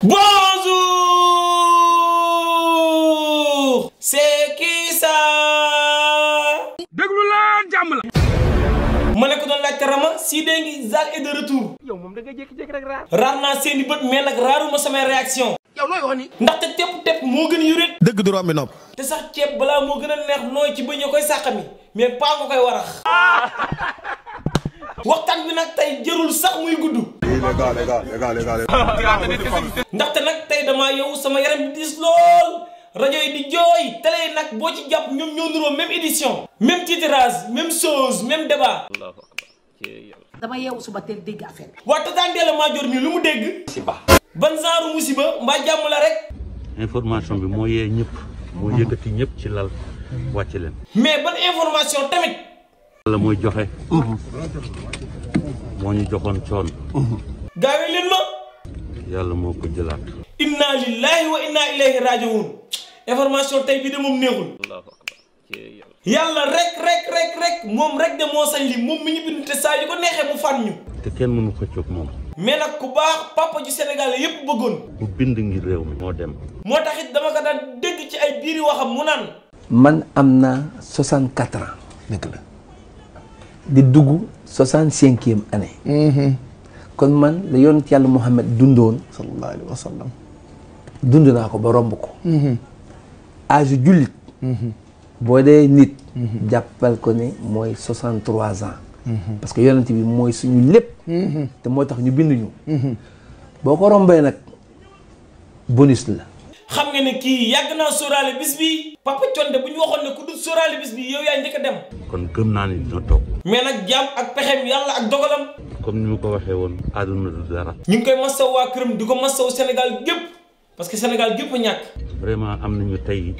Bonjour c'est qui ça. déglu laan jàmm la. ma ne ko doon laajte rama si de ngi Zale est de moom da nga jékki-jékki rek raar. naa seeni bët mais nag raaruma samay réaction yow looy wax ni. ndaxte tepp tepp moo gën yuréet. dëgg du romb nopp. te sax ceeb balaa moo gën a neex nooy ci bëñ koy sàqami mais paa nga koy warax. waxtaan bi nag tey jërul sax muy gudd. légal légal légal légal ndaxte nag tey damaa yow sama yaram bi diis lool rajo yi di jooy télé yi nag boo ci jàpp ñoom ñoo nuroo même édition même titrage même chose même débat dama yeewu suba teel dégg affaire bi waa tataan dee la maa mi lu mu dégg ban genre musiba mbaa jàmm la rek information bi moo yee ñëpp moo yëkkati ñëpp ci lal wàcc leen mais ban information tamit la mooy joxe moo ñu joxoon coon gaawe leen ma yàlla moo ko jëlaat inna lillahi wa inna ilayhi rajiun information tey bi de moom néexul yàlla rek rek rek moom rek de moo sañ li moom mi ñu bind te saa yu ko neexee mu fànn ñu te kenn mënu xëccoog moom mais nag ku baax papa ju Sénégal yépp bëggoon ku bind ngir réew mi moo dem moo tax it dama ko daan dégg ci ay biiri waxam mu naan man am na soixante-quatre ans la di dugg soixante cinquième année mm-hmm. kon man la yonent yàlla Muhammad dundoon sallallahu alayhi wa sallam ko ba romb ko mm-hmm. âge jullit mm-hmm. boo dee nit jàppal ko ne mooy soixante trois ans parce que yonent bi mooy suñu lépp te moo tax ñu bind ñu boo ko rombee nag bonus la xam nga ne kii yàgg naa sóoraale bis bi papa conde bu ñu waxoon ne ku dut sóoraale bis bi yow yaa njëkk dem kon gëm naa ni dina toog mais nag jaam ak pexem yàlla ak dogalam comme ni mu ko waxee woon aduna du dara ñu ngi koy masaw waa këram di ko masaw sénégal gépp parce que sénégal gépp ñàkk vraiment am nañu tey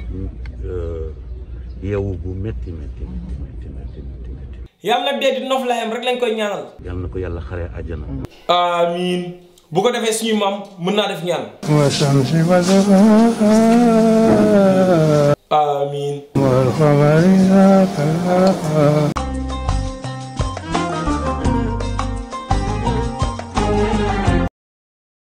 euh, yeewu bu metti metti metti metti metti metti yàlla dee di nof rek lañ koy ñaanal yàlla na ko yàlla xaree àjjana bu ko defee suñu maam mën naa def ñaan amiin